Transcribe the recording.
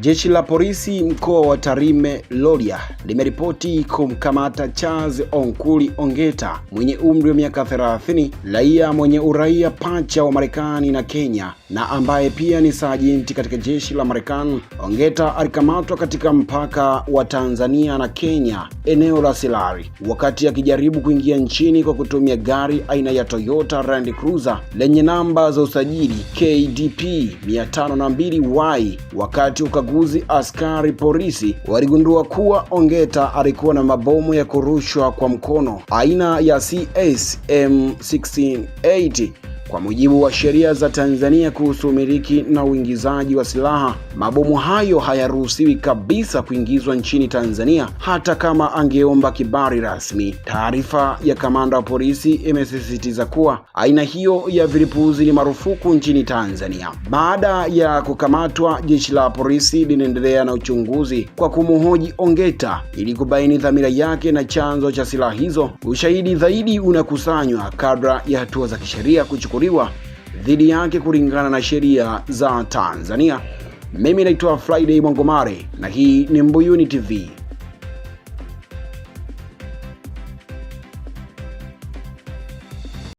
Jeshi la polisi mkoa wa Tarime Rorya limeripoti kumkamata Charles Onkuli Ongeta mwenye umri wa miaka 30, raia mwenye uraia pacha wa Marekani na Kenya na ambaye pia ni sajenti katika jeshi la Marekani. Ongeta alikamatwa katika mpaka wa Tanzania na Kenya eneo la Silari wakati akijaribu kuingia nchini kwa kutumia gari aina ya Toyota Land Cruiser lenye namba za usajili KDP 502Y wakati uka ukaguzi, askari polisi waligundua kuwa Ongeta alikuwa na mabomu ya kurushwa kwa mkono aina ya CSM 1680 kwa mujibu wa sheria za Tanzania kuhusu umiliki na uingizaji wa silaha, mabomu hayo hayaruhusiwi kabisa kuingizwa nchini Tanzania hata kama angeomba kibali rasmi. Taarifa ya kamanda wa polisi imesisitiza kuwa aina hiyo ya vilipuzi ni marufuku nchini Tanzania. Baada ya kukamatwa, jeshi la polisi linaendelea na uchunguzi kwa kumhoji Ongeta ili kubaini dhamira yake na chanzo cha silaha hizo. Ushahidi zaidi unakusanywa kadra ya hatua za kisheria kuchukua kuchukuliwa dhidi yake kulingana na sheria za Tanzania. Mimi naitwa Friday Mwangomare na hii ni Mbuyuni TV.